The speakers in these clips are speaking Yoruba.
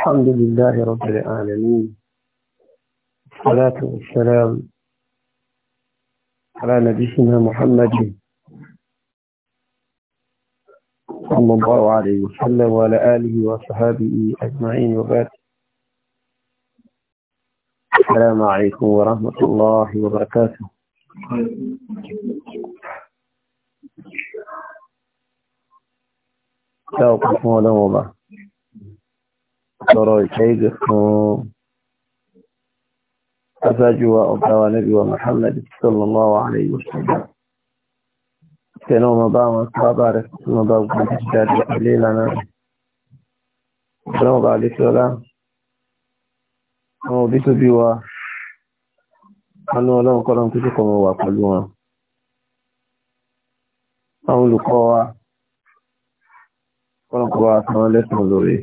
الحمد لله رب العالمين والصلاة والسلام على نبينا محمد صلى الله عليه وسلم وعلى آله وصحابه أجمعين وبعد السلام عليكم ورحمة الله وبركاته لا أقف ولا وضع tọrọ ìkẹ́gẹ́ fún aṣáájú wa ọ̀gá wa níbi wa Muhammad sallallahu alayhi wa sallam tẹ̀lé ọmọ bá wọn sábà rẹ̀ fún ọba gbogbo ìjáde ilé ìlànà ìjọba ọba àdéṣọ́lá àwọn òbí tó bí wa anú ọlọ́run kọ́lọ́n tó tó kọmọ wà pẹ̀lú wọn àwọn olùkọ́ wa kọ́lọ́n kọ́ wa sanwó lẹ́sùn lórí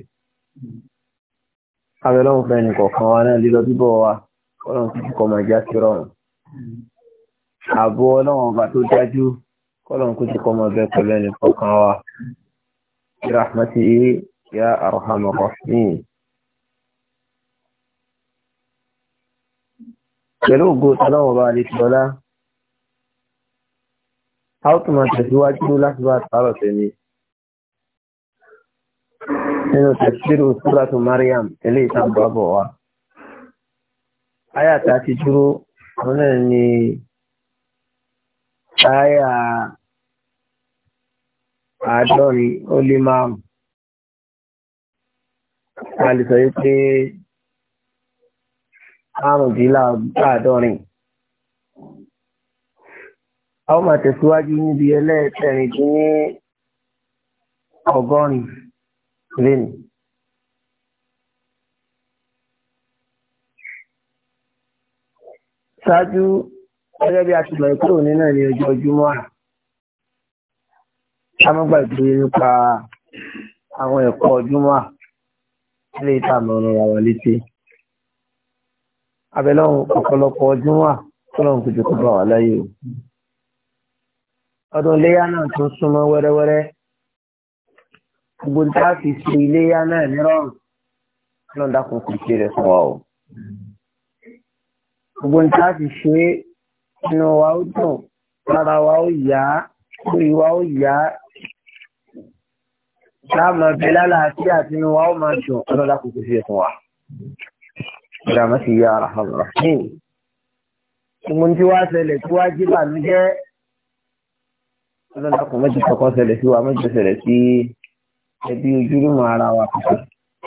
abẹ́lọ́run fẹ́ ní kọ̀ọ̀kan wa náà lílọ bíbọ̀ wa ọlọ́run ti kọ́ máa já sí rọrùn ààbò ọlọ́run ọba tó dájú kọ́lọ́run kó ti kọ́ máa bẹ pẹ̀lú ẹnì kọ̀ọ̀kan wa rahmati ya arhamar rahimin pẹ̀lú ògo ọlọ́run ọba àdìsọ́lá a ó tún máa tẹ̀síwájú láti bá àtàrọ̀ tẹ̀lé nínú tẹ̀síru súratu Mariam ilé ìtàbọ̀bọ̀ wa. Ayàtà ti dúró, àwọn ni ayà àádọ́rin ó lé márùn-ún. A lè sọ yí pé márùndínláàádọ́rin. A ó máa tẹ̀síwájú níbi ẹlẹ́ẹ̀kẹrin dín ní ọgọ́rin lẹ́nu. ṣáájú gẹ́gẹ́ bí a ti bẹ̀rẹ̀ kúrò ní náà ní ọjọ́ ojúmọ́ à sámúgbà ìdúró nípa àwọn ẹ̀kọ́ ojúmọ́ à lè ta àmọ̀ràn àwọn létí abẹ́lọ́run ọ̀pọ̀lọpọ̀ ojúmọ́ à tọ́lọ́run kò jẹ́ kó bá wà láyé o ọdún iléyà náà tún súnmọ́ wẹ́rẹ́wẹ́rẹ́ gbogbo ní ká fi ṣe iléyá náà nírọ̀rùn lọ́n dákun kò ṣe rẹ̀ fún wa o. gbogbo ní ká fi ṣe inú wa ó dùn lára wa ó yá orí wa ó yá láàmú ọbẹ̀ lálàáfíà tinú wa ó máa dùn lọ́n dákun kò ṣe rẹ̀ fún wa. ìdààmú ti yá ara hàn rà. gbogbo tí wàá ṣẹlẹ̀ tí wàá jí bànújẹ́ lọ́n dákun mẹ́jọ kọ̀ọ̀kan ṣẹlẹ̀ sí wa mẹ́jọ ṣẹlẹ̀ sí ẹbí ojúlùmọ̀ ara wa kò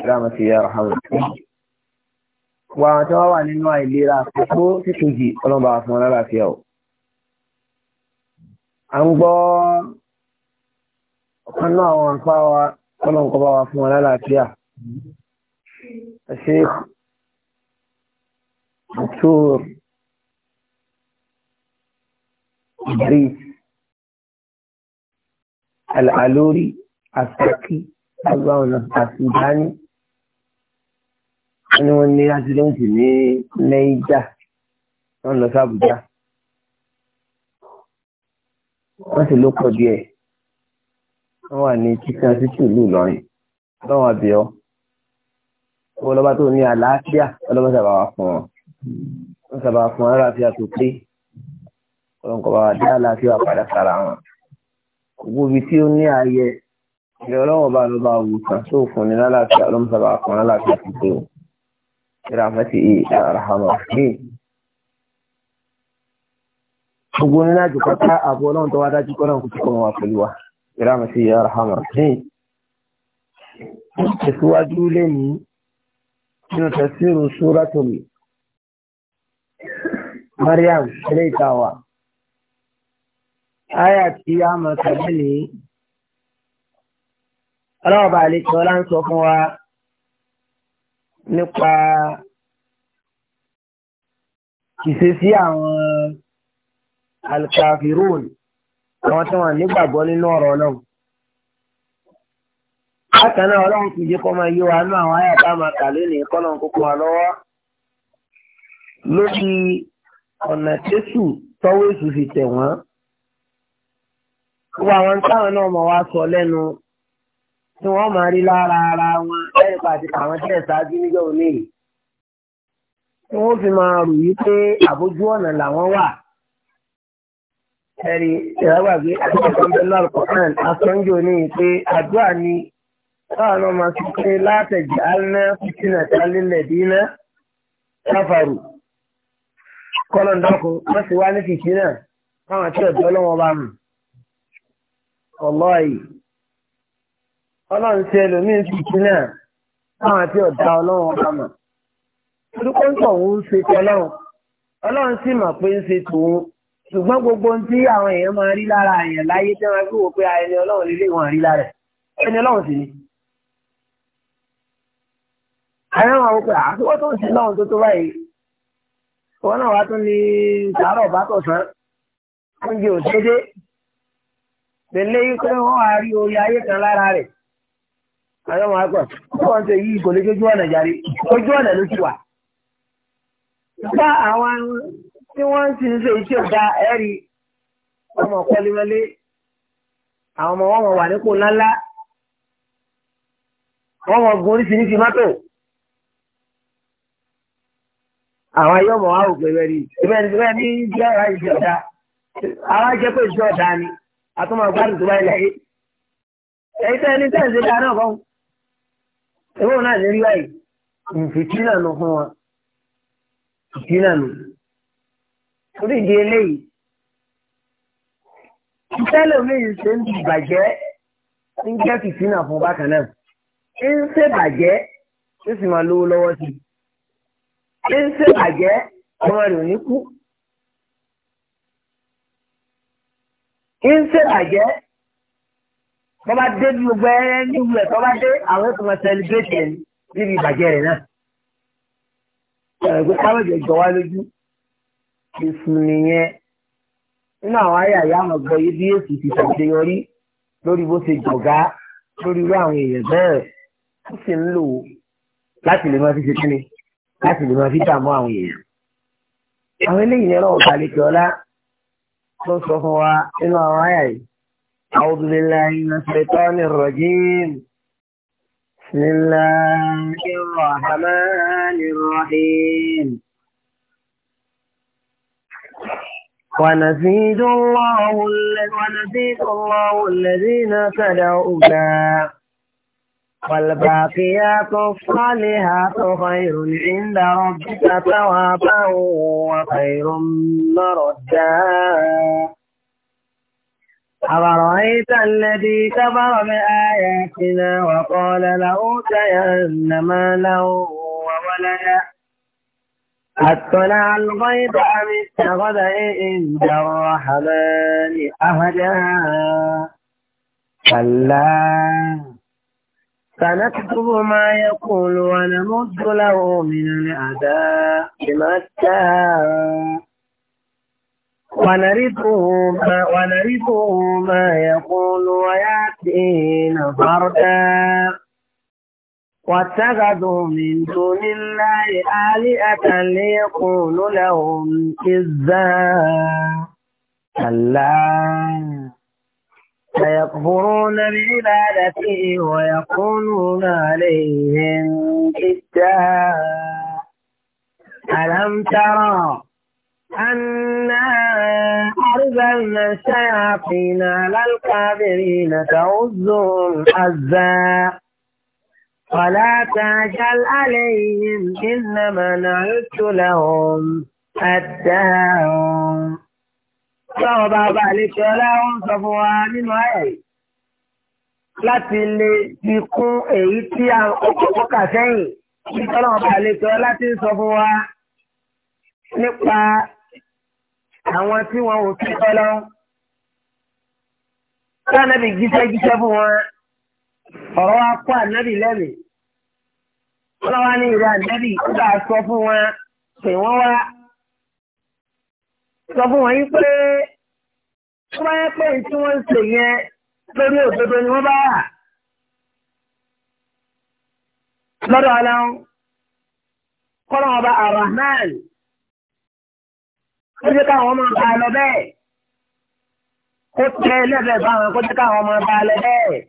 ìrámọ sí yàrá hàmù. wà àwọn tí wọ́n wà nínú àìlera àkókò títòjì ọlọ́ba fún wọn lálàáfíà o. à ń gbọ́ ọ̀kan náà àwọn àpá wa ọlọ́nkọ́ wa fún wọn lálàáfíà. الشيخ دكتور إدريس العلوري àṣàkí àgbà ọ̀nà àṣìdáni wọ́n ní wọ́n ní ásídẹ́ǹtì ní Niger wọ́n lọ sí Àbújá wọ́n sì ló pọ̀ díẹ̀ wọ́n wà ní kíkan títí ìlú Ìlọrin lọ́wọ́ àbíọ́ owó lọ́ba tó ní àlàáfíà ọlọ́ba sábà wà fún wọn wọ́n sábà fún wọn àlàáfíà tó pé ọlọ́nkọ̀ bá wà dá àlàáfíà padà sára wọn gbogbo ibi tí ó ní ààyè ìrọ̀lọ́wọ́ bá ló bá wù kàn tó fún ni lálàáfíà ló ń sábà kan lálàáfíà ti tó ìrà àfẹ́tì àràhàmà ní. gbogbo ní láti pátá àbọ̀ ọlọ́run tó wá dájú kọ́ náà kò tí kọ́ wọn wá pẹ̀lú wa ìrà àfẹ́tì àràhàmà ní. tẹ̀síwájú lẹ́nu nínú tẹ̀síwájú sóràtò mi. Mariam, ilé ìtawà. Aya tí a mọ̀ tẹ̀lé nìyí ọlọ́ọ̀bà àlejò ọlá ń sọ fún wa nípa ìṣesí àwọn alkafirun àwọn tí wọn nígbàgbọ́ nínú ọ̀rọ̀ ọlọ́run. bákan náà ọlọ́run kìí jẹ́ kó máa yé wa nú àwọn àyà tá a máa kà lónìí kọ́nà kókó wa lọ́wọ́ lórí ọ̀nà tẹ́sù tọ́wọ́ èsù fi tẹ̀ wọ́n. gbogbo àwọn táwọn náà mọ̀ wá sọ lẹ́nu tí wọ́n máa rí lára ara wọn lẹ́yìn pàtí àwọn tí ẹ̀ ṣáájú níjọ́ òní tí wọ́n fi máa rò yí pé àbójú ọ̀nà làwọn wà. ẹ̀rí ìrágbà pé àdúgbò pẹ̀lú alukọ̀án asọ́njò pé àdúrà ni káwọn pé látẹ̀jẹ̀ alẹ́ fìtínà tálílẹ̀ dínà káfàrù wọ́n sì wá ní fìtínà káwọn tí ọ̀dọ́ lọ́wọ́ bá mú. ọlọ́ọ̀yì ọlọ́run ti ẹlòmíín sì kí náà táwọn àti ọ̀dà ọlọ́run ọba mọ̀ orúkọ ń tọ̀ ń ṣe tọ́lọ́run ọlọ́run sì mọ̀ pé ń ṣe tòun ṣùgbọ́n gbogbo ohun tí àwọn èèyàn máa rí lára èèyàn láyé tí wọ́n fi wò pé ẹni ọlọ́run lílé wọn rí lára ẹ̀ ẹni ọlọ́run sì ni. àwọn àwọn ọkọ àtiwọ́ tó ń sin lọ́run tó tó báyìí wọn náà wá tún ní sàárọ̀ bá tọ̀ sán oúnjẹ òṣèdè pẹ̀lẹ́ yìí pé wọ́n á rí orí ayé kan lára rẹ̀ àwọn ọmọ akọ ọkọ ń sọ yìí kò lè jójú ọ̀nà jàre ojú ọ̀nà ló ti wà. bá àwọn tí wọ́n ti ń ṣe iṣẹ́ ọ̀gá ẹ̀rí ọmọ kọ́lémọ́lé àwọn ọmọ wọn wà nípò ńláńlá wọ́n mọ̀ gun oríṣiríṣi mọ́tò. àwọn ayé ọmọ wa ò pè bẹ́ẹ̀ rí ìbẹ́ẹ̀ ní bẹ́ẹ̀ ní jẹ́ ara iṣẹ́ ọ̀dà àwọn ajẹ́ pé iṣẹ́ ọ̀dà ni àtúmọ̀ gbádùn tó bá ilẹ̀ yìí. èyí tẹ́ ẹni tẹ́ ń ṣe dáa náà kọ́ ẹwọ́ náà ní láì ìfìtínà nù fún wa ìfìtínà nù torí ìdí eléyìí ìtẹ́lẹ̀ méjì ṣe ń bàjẹ́ ń jẹ́ fìtínà fún bákan náà ń ṣe bàjẹ́ ó sì máa lówó lọ́wọ́ sí i ń ṣe bàjẹ́ ọmọ rẹ̀ ò ní kú ń ṣe bàjẹ́ tó bá dé bí gbogbo ẹ nílùú ẹ tó bá dé àwọn ètò wọn sẹlẹbírẹtì ẹ níbi ìbàjẹ́ rẹ̀ náà. ẹ̀rọ káwọn ìjọ jọ wá lójú ìfún nìyẹn nínú àwọn ayé àyà àwọn ọgbọ yìí bí èsì ti ṣàṣeyọrí lórí bó ṣe jọ̀gá lórí irú àwọn èèyàn bẹ́ẹ̀ ó sì ń lò láti lè máa fi ṣe kíni láti lè máa fi dààmú àwọn èèyàn. àwọn eléyìí ni ẹlọ́wọ́ balẹ̀ kí ọlá tó sọ fún wa nínú àwọn ayà yìí. أعوذ بالله من الشيطان الرجيم بسم الله الرحمن الرحيم ونزيد الله ونزيد الله الذين تدعوا والباقيات الصالحات خير عند ربك ثوابا وخير مردا أفرأيت الذي كفر بآياتنا وقال لأوتين مالا وولدا أطلع الغيب أم اتخذ عند الرحمن أهدا كلا سنكتب ما يقول ونمد له من الأداء متى ونرثه ما, يقول ويأتينا فردا واتخذوا من دون الله آلهة ليقول لهم إزا كلا سيكفرون بعبادته ويقولون عليهم إزا ألم ترى أنا أرسلنا الشياطين على الكافرين تعزهم حزا فلا تعجل عليهم إنما نعدت لهم أداهم Sọ́wọ́ bá bá lè ṣe ọlọ́run sọ fún wa nínú ayẹ̀ láti lè fi kún èyí tí a kọ́kọ́ kà sẹ́yìn. Sọ́wọ́ bá lè ṣe láti sọ fún wa nípa àwọn tí wọn ò tún tọ́lọ́ kí ànábì jíṣẹ́ jíṣẹ́ fún wọn ọ̀rọ̀ wa ànábì lẹ́mìí ọlọ́wà ní ìrẹ́ ànábì ó sọ fún wọn pé wọ́n wá sọ fún wọn yí pé wọ́n bá yẹ pé tí wọ́n ń ṣe yẹn lórí òdodo ni wọ́n bá wà lọ́dọ̀ ọlọ́run kọ́lọ́ ọba arahman ó jẹ́ káwọn máa bá a lọ bẹ́ẹ̀ kó tẹ lẹ́bẹ̀ẹ́ bá wọn kó jẹ́ káwọn máa bá a lọ bẹ́ẹ̀.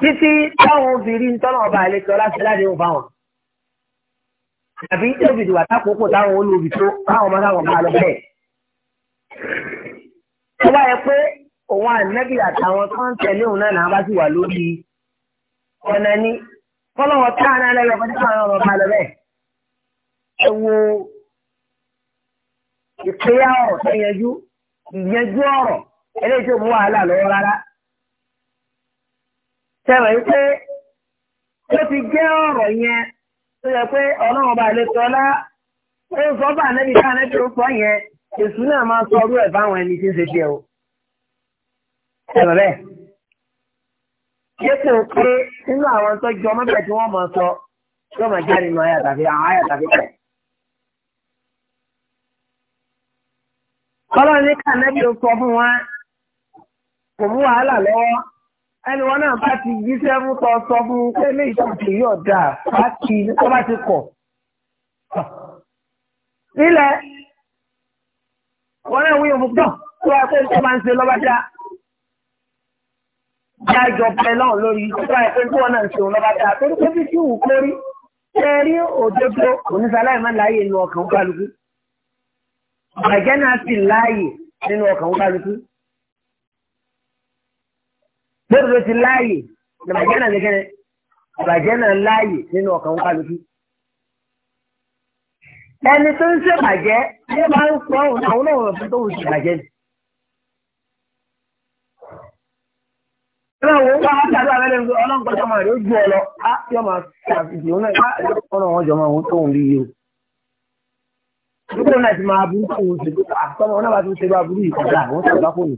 títí táwọn obìnrin tọ́nà ọba àlejò láti láti ń bá wọn. àbí tóbi ìdìbò àtàkókò táwọn olóbi tó káwọn máa káwọn bá a lọ bẹ́ẹ̀. tó bá yẹ pé òun ànẹ́bí àtàwọn tó ń tẹ̀lé òun náà náà bá sì wà lórí ọ̀nà ni kọ́lọ́wọ́ tá a náà lẹ́yọ̀ fún táwọn ọmọ ọba lọ bẹ́ẹ̀ ẹ wo ìpínyà ọ̀rọ̀ tó yanjú ọ̀rọ̀ eléyìí tó mú wàhálà lọ́wọ́ rárá. Sẹ́wọ̀n yìí pé ó ti jẹ́ ọ̀rọ̀ yẹn tó yẹ pé ọlọ́run ọba àlejò ọlá ó ń sọ bá ànẹ́bí ká ànẹ́bí ó sọ yẹn èṣù náà máa sọ ọdún ẹ̀ báwọn ẹni tí ń ṣe tiẹ̀ o. Sẹ́wọ̀n bẹ́ẹ̀. Yépò pé nínú àwọn tó jọ mọ́tẹ̀ tí wọ́n mọ̀ sọ yóò máa jáde nù ayà tàbí àwọn ayà tàbí pẹ̀. ọlọ́run ní kànẹ́bí ó sọ fún wa kò mú wàhálà lọ́wọ́ ẹni wọn náà bá ti jíṣẹ́ mú sọ sọ fún un pé ní ìtòkè yóò dà bá ti tó bá ti kọ̀. nílẹ̀ wọn náà wíyàn fún tán tó wá pé nǹkan máa ń ṣe lọ́ba dá dá ìjọba ẹ náà lórí tó wá pé nǹkan náà ń ṣe òun lọ́ba dá torí pé bí tí wù kórí ṣe rí òdodo oníṣàlàyé máa láyé inú ọkàn kálukú. Bàjẹ́ náà sì láàyè nínú ọkàn wọn kálukú. Bẹ́ẹ̀ ló ti láàyè ní náà ní kẹ́nẹ́. náà láàyè nínú ọkàn wọn kálukú. Ẹni tó ń ṣe bàjẹ́ ní bá ń pọ̀ òun àwọn náà wọ̀n fún tóun ṣe bàjẹ́ ni. Ìlànà òun wá látàrí àwọn ẹlẹ́gbẹ̀ẹ́ máa rí ó ọ lọ. Á yọ máa ṣàfihàn náà ọ̀nà wọn jọ máa ń tóun bí yìí o nígbà náà ti máa burú káwọn oṣù tó àtọ́mọ ah, náà bá tún ṣe bá burú ìkọjá àwọn tó àgbákò ni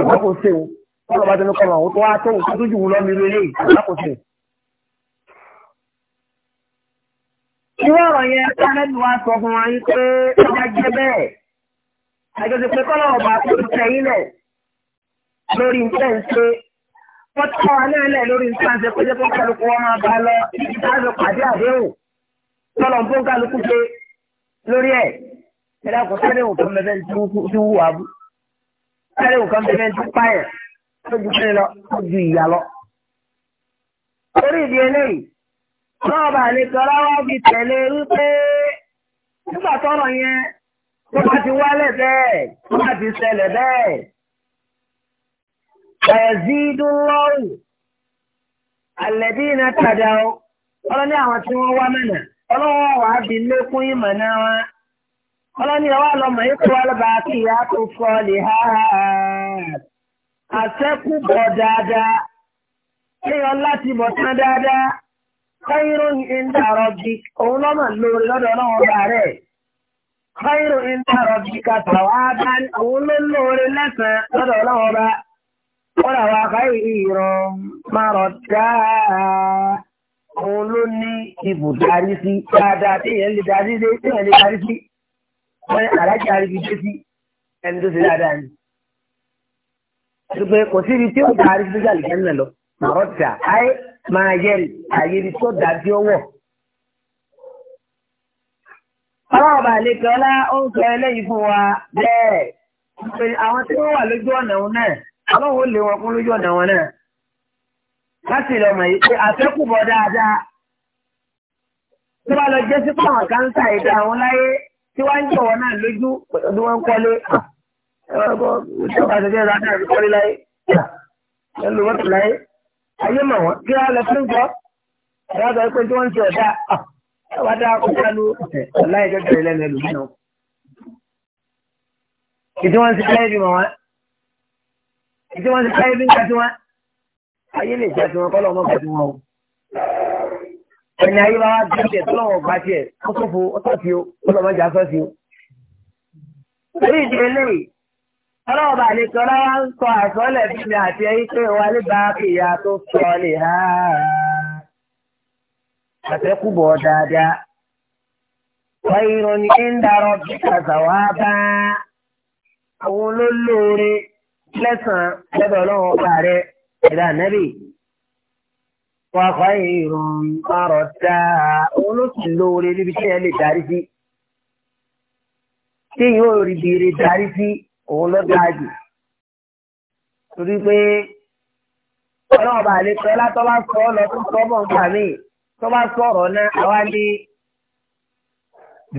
àgbákò ṣe o wọn lọ bá tẹnu kọmọ àwọn tó wá tó nǹkan tó jù wọn lọ́mọ irú eléyìí àgbákò ṣe. irú ọ̀rọ̀ yẹn kánẹ́lì wa sọ fún wa yín pé ọjà jẹ́ bẹ́ẹ̀ àjọṣe pé kọ́lọ̀ ọba tó ti tẹ̀ yín lẹ̀ lórí nǹkan ṣe wọ́n tọ́ wa náà lẹ̀ lórí nǹkan ṣe kó jẹ́ kó kálukú wọn máa bá lọ láti pàdé àdéhùn tọ́lọ̀ ń bó kálukú ṣe lórí ẹ̀ ẹ̀dá kò sẹ́ni òkú mẹ́fẹ́ tí wú abú sẹ́ni òkú mẹ́fẹ́ tí pààyàn tó ju kí ni lọ tó ju ìyá lọ. torí ìdí eléyìí náà bà ní kọ́lá wá fi tẹ̀lé wípé nígbà tọ́rọ̀ yẹn tó bá ti wálẹ̀ bẹ́ẹ̀ tó bá ti ṣẹlẹ̀ bẹ́ẹ̀ ẹ̀zídúnlọ́rù àlẹ́dínà tàdá ọ ọlọ́ní àwọn tí wọ́n wá mẹ́nà. ọlọ́wọ́ wàá di lékún ìmọ̀ náà wá ọlọ́ni ọwọ́ lọmọ ikú ọlọ́ba kí ìyá tó fọ́ lè ha àṣẹ́kù bọ̀ dáadáa kéèyàn láti bọ̀ tán dáadáa káyírò ìdàrọ̀ bí òun lọ́mọ lórí lọ́dọ̀ rẹ̀ bí kàtà bá òun ló lórí lẹ́sàn-án lọ́dọ̀ òun ló ní ibù darí sí dáadáa téèyàn lè darí dé téèyàn lè darí sí wọn aláàjì àrífi dé sí ẹni tó ṣe dáadáa ni. ṣùgbọ́n kò sí ibi tí ó darí sí gbàlè jẹ́ nà lọ màrọ́ tà áyé máa yẹ àyè ibi tó dájú ọwọ́. ọlọ́ọ̀bà àlekẹ́ ọlá ó ń ẹlẹ́yìí fún wa bẹ́ẹ̀ àwọn tí wọ́n wà lójú ọ̀nà wọn náà ọlọ́run ó lé wọn lójú ọ̀nà wọn náà láti ilẹ̀ ọmọ yìí pé àfẹ́kùbọ̀ dáadáa tó bá lọ jẹ́ sí pé àwọn káńtà ìdá àwọn láyé tí wọ́n ń jọ̀wọ́ náà lójú pẹ̀lú wọn kọ́lé ìjọba àtẹ̀jẹ́ ìlú adáàbí kọ́lé láyé ẹlò wọ́n ti láyé ayé mọ̀ wọ́n kí wọ́n lọ fún jọ ẹ̀rọ àgbà pé tí wọ́n ń ṣe ọ̀dà ẹ̀wà dáa kó kálú láyé jọjọ ìlẹ́nu ẹlòmíràn ìdí wọ́n ti láyé bí mọ̀ wọ́n ìdí wọ́n ti láyé bí ń kájú wọn ayé lè jẹ́ tiwọn kọ́lọ́ ọmọ gbẹ̀dùn wọn o. ẹni ayé bá wá dé tiẹ̀ tọ́lọ́wọ́ gba tiẹ̀ ó tó fo ó tọ́ sí o ó lọ́ mọ́jà sọ́ sí o. orí ìdí eléyìí ọlọ́wọ́ bá lè tọ́lá wá ń sọ àsọ́lẹ̀ bí mi àti ẹyí pé wà lè bá ìyá tó sọ lè ha. àtẹkùbọ̀ dáadáa. wọ́n ìròyìn ń darọ̀ bí kàzàwá bá àwọn olólóore lẹ́sàn-án lọ́dọ̀ ọlọ́run ọba rẹ̀ ẹ̀dá nẹ́bì wà kọ́ ìrùn ọ̀rọ̀ dáa òun ló sì lóore níbi tí ẹ lè darí sí tí yóò rí bìrì darí sí òun ló dáa jù torí pé ọlọ́run bá lè pẹ́ látọ́ bá sọ ọ́ lọ tó sọ bọ̀ nípa mi tó bá sọ̀rọ̀ náà àwa ní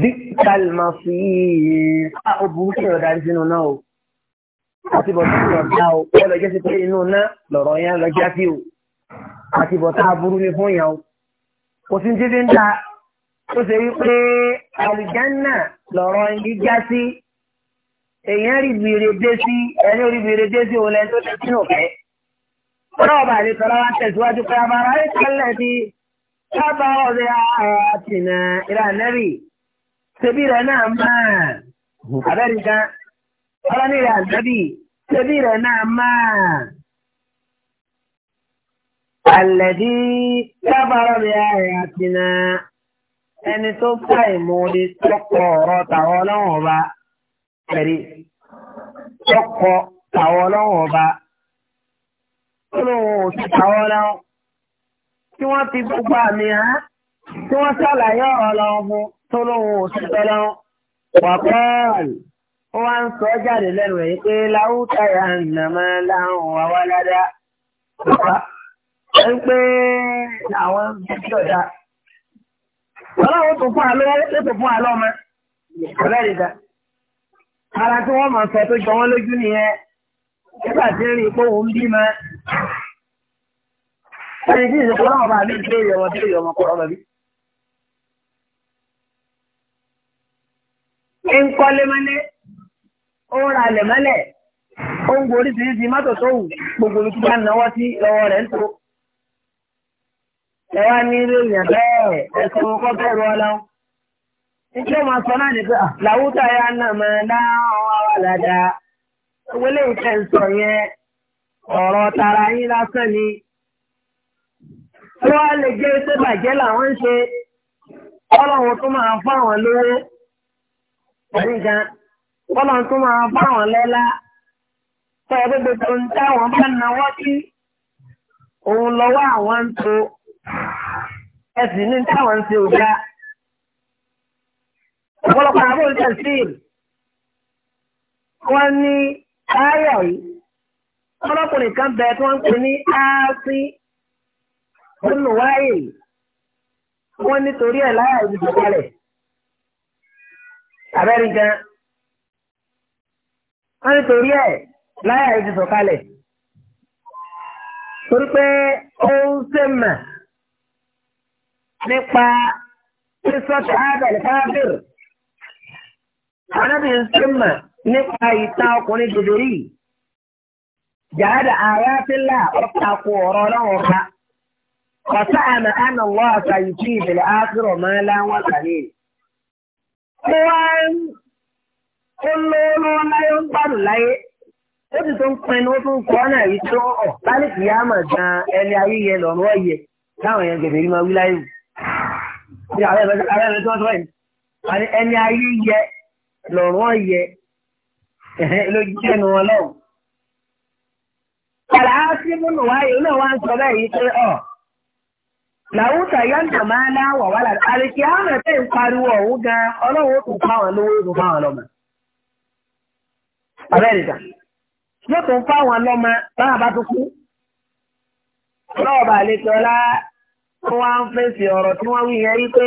díkàlì màsí yìí ó burú kí ọ̀darí sínú náà o àti bọ̀tá ìrọ̀dá o ẹ lọ jẹ́ sí pé inú ná lọ̀rọ̀ yẹn lọ já sí o àti bọ̀tá aburú ni fún yàn o kò sí ti fi ń ta tó ṣe wípé àlùjánà lọ̀rọ̀ yìí já sí èèyàn rí bìrè dé sí ẹni rí bìrè dé sí òun lẹ́ni tó lè sínú ọ̀fẹ́. ọlọ́ọ̀bà àti tọ́lá wa tẹ̀síwájú pé abara ẹ̀ kálẹ̀ ti sábà ọ̀rẹ́ àtìnà ìlànà ṣebí rẹ̀ náà máa àbẹ́rìndán ọlọ́nìrẹ̀ ànábì tóbi كبير náà الذي Àlẹ́dí lábàárọ̀ rẹ̀ ààrẹ àtìná ẹni tó fà ìmúdi tọkọ ọ̀rọ̀ tàwọn ọlọ́wọ̀n ọba pẹ̀lú tọkọ tàwọn ọlọ́wọ̀n ọba tó lóun tàwọn ọlọ́wọ̀n tí wọ́n fi gbogbo àmì hàn tí wọ́n ṣàlàyé ọ̀rọ̀ lọ́wọ́ fún tó lóun ò ti wà pẹ́ẹ́lì ó wá ń sọ jáde lẹ́nu ẹ̀ pé láwùjọ ya nàmọ́ láwọn wà wá ládàá bàbá ẹ ń pé àwọn bíbí ọ̀dà ọlọ́run tó fún àlọ́ ó tó fún àlọ́ ọmọ ọ̀rẹ́ rẹ̀ dá ara tí wọ́n máa sọ tó jọ wọ́n lójú nìyẹn nígbà tí ń rí i pé òun bí mọ́ ẹni tí ìsìnkú náà bá mi gbé ìyọmọ tó ìyọmọ kọ́ ọmọ bí. ń kọ́lé mọ́lé. ó ń ra ilẹ̀ mọ́lẹ̀ ó ń gorí síríṣi mọ́tò tó wù gbogbo ibi tó bá náwó sí lọ́wọ́ rẹ̀ ń tó. ẹ wá ní ilé bẹ́ẹ̀ kọ́ sọ náà pé ah, ya náà mọ̀ láwọn àwọn alada. owó léyìn tẹ̀ ń sọ yẹn ọ̀rọ̀ tara yín lásán ni. wọ́n á lè jẹ́ pé bàjẹ́ làwọn ń ṣe ọlọ́run tó máa fáwọn lówó. kọ́lọ̀ tó máa bá wọn lọ́lá tó ẹgbẹ́ gbogbo ń táwọn bá náwó sí òun lọ́wọ́ àwọn ń to ẹ̀sìn ní táwọn ń ṣe òga. ọ̀pọ̀lọpọ̀ àbò ń tẹ̀sí wọ́n ní ayọ̀ yìí ọlọ́kùnrin kan bẹ tí wọ́n ń pè ní áásí olùwáyè wọ́n nítorí ẹ̀ láyà ìdìbò kalẹ̀ abẹ́rẹ́ wọ́n ti torí ẹ̀ eji yìí ti sọ̀kalẹ̀ torí pé ó ń ṣe mà nípa sísọ́tì ábẹ̀lẹ̀ káfíìr anábì ń ṣe mà nípa ìta ọkùnrin dòdòrí jàdà àyà sílà ọ̀tà kù ọ̀rọ̀ wọ́n àṣà tí o lọ́wọ́ láyé ó ń gbádùn láyé ó sì tún pinnu ó tún kọ́ náà yìí tó ọ̀ lálẹ́kì yá mà gan ẹni ayé yẹ lọ́rùn ọ̀yẹ láwọn èèyàn gẹ̀gẹ̀ yìí máa wí láyé ní àwọn ẹ̀rọ tó ń sọ yìí ẹni ayé yẹ lójú ẹnu wọn lọ́wọ́. wáyé náà wá ń sọ bẹ́ẹ̀ yìí pé ọ̀ máa láwọ̀ àlèkè àwọn ẹ̀fẹ́ ń pariwo ọ̀hún gan ọlọ́run ó tún Amẹ́ríkà yóò tún fáwọn lọ́mọ báwọn bá tún kú. Ọlọ́ọ̀bà àlejò ọlá tó wá ń fèsì ọ̀rọ̀ tí wọ́n wí yẹn rí pé